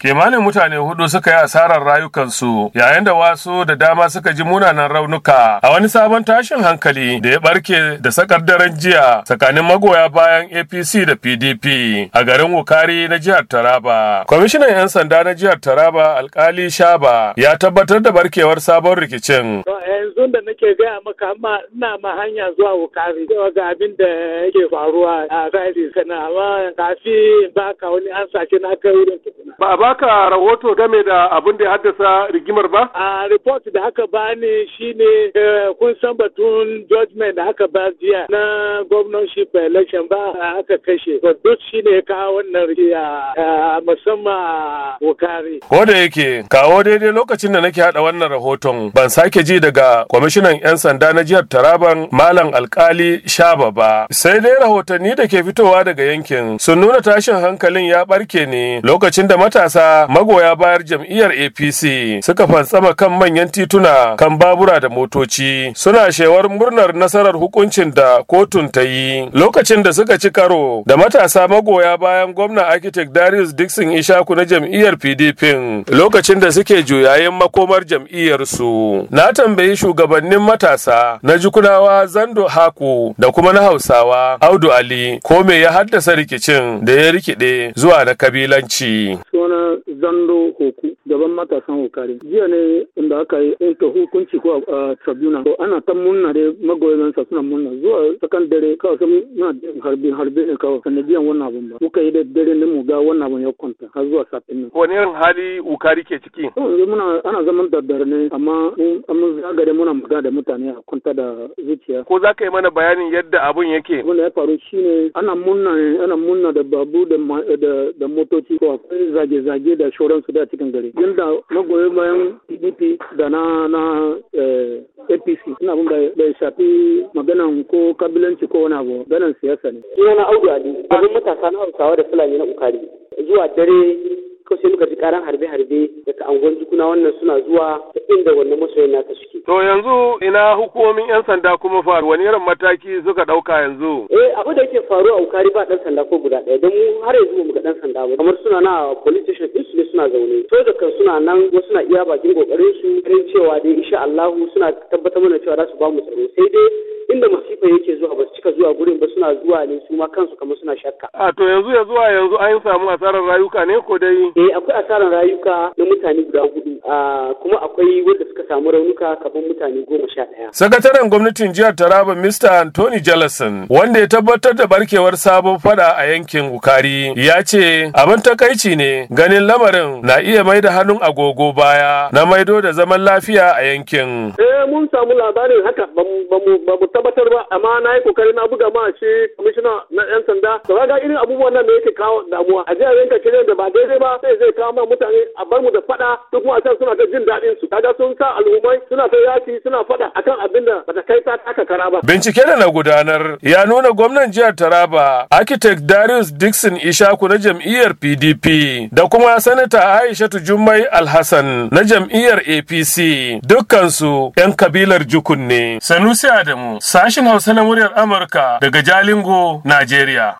Kimanin mutane hudu suka yi asarar rayukansu yayin da wasu da dama suka ji munanan raunuka a wani sabon tashin hankali da ya barke da sakar daren jiya tsakanin magoya bayan APC da PDP a garin Wukari na jihar Taraba. Kwamishinan 'yan sanda na jihar Taraba alkali Shaba ya tabbatar da barkewar sabon rikicin. Eh, nake gaya maka amma ina ma hanya zuwa wukari cewa ga abin da yake faruwa a Zaire sana amma kafi baka wani an sace na kai wurin tukuna. Ba a baka rahoto game da abin da ya haddasa rigimar ba? A report da aka bani shine eh, kun san batun judgment da aka ba jiya na governorship election ba a aka kashe. To duk shine ya kawo wannan a musamman wukari. Ko da yake kawo daidai lokacin da nake hada wannan rahoton ban sake ji daga kwamishinan kwamishinan 'yan sanda na jihar Taraban Malam Alkali Shaba ba. Sai dai rahotanni da ke fitowa daga yankin sun nuna tashin hankalin ya barke ne lokacin da matasa magoya bayar jam'iyyar APC suka fantsama kan manyan tituna kan babura da motoci suna shewar murnar nasarar hukuncin da kotun ta yi lokacin da suka ci karo da matasa magoya bayan gwamna architect Darius Dixon Ishaku na jam'iyyar PDP lokacin da suke juyayen makomar su. Na tambayi shugabannin tsakanin matasa na Jukunawa Zando Haku da kuma na Hausawa Audu Ali ko me ya haddasa rikicin da ya rikide zuwa na kabilanci. Suna Zando Hoku gaban matasan hukari. Jiya ne inda aka yi yanke hukunci ko a tribunal. To ana ta munna da magoyan sa suna munna zuwa tsakan dare kawai sun na harbin harbin ne kawai sanadiyan wannan abun ba. Muka yi da dare ne mu ga wannan abun ya kwanta har zuwa satin nan. Wani irin hali hukari ke ciki? Muna ana zaman daddare ne amma mun zagare muna magana da mutane a kwanta da zuciya. Ko za ka yi mana bayanin yadda abun yake? Abin ya faru shine ana munna ana munna da babu da motoci ko akwai zage-zage da shoransu da cikin gari. Yanda magoya bayan PDP da na na eh, APC suna abin da ya shafi maganan ko kabilanci ko wani abu ganan siyasa ne. Ina na Audu Ali, abin matasa na Hausawa da Fulani na Ukari. Zuwa dare ko sai muka ji karan harbe-harbe daga angon jukuna, wannan suna zuwa ta inda wannan masoyin naka suke. To yanzu ina hukumomin 'yan sanda kuma faru wani irin mataki suka ɗauka yanzu? Eh abu da yake faru a Ukari ba ɗan sanda ko guda ɗaya don mu har yanzu mu ga ɗan sanda ba kamar suna na police station su ne suna zaune. To da kan suna nan wasu na iya bakin kokarin su ganin cewa dai insha Allah suna tabbatar mana cewa za su ba mu tsaro sai dai inda masifa yake zuwa ba su cika zuwa gurin suna zuwa ne su ma kansu kamar suna shakka. A to yanzu ya zuwa yanzu an samu asarar rayuka ne ko dai? Eh akwai asarar rayuka na mutane guda hudu ah, kuma akwai wanda suka samu raunuka kamar mutane goma sha ɗaya. Sakataren gwamnatin jihar Taraba Mr. Anthony Jellison wanda ya tabbatar da barkewar sabon fada a yankin Ukari ya ce abin takaici ne ganin lamarin na iya mai da hannun agogo baya na maido da zaman lafiya a yankin. Eh mun samu labarin haka ba mu tabbatar ba amma na yi kokari na buga ma ce shi kwamishina na yan sanda to ga irin abubuwan nan da yake kawo damuwa a jihar yanka kiran da ba daidai ba sai zai kawo ma mutane a bar mu da fada duk kuma a can suna ta jin daɗin su kaga sun sa al'ummai suna ta yaki suna fada akan abin da bata kai ta aka kara ba bincike da na gudanar ya nuna gwamnan jihar Taraba architect Darius Dixon Ishaku na jam'iyyar PDP da kuma sanata Aishatu Jummai Alhassan na jam'iyyar APC dukkansu 'yan kabilar jukunne. Sanusi Adamu, sashin Hausa na muryar Amurka daga jihar Jalingo, Najeriya.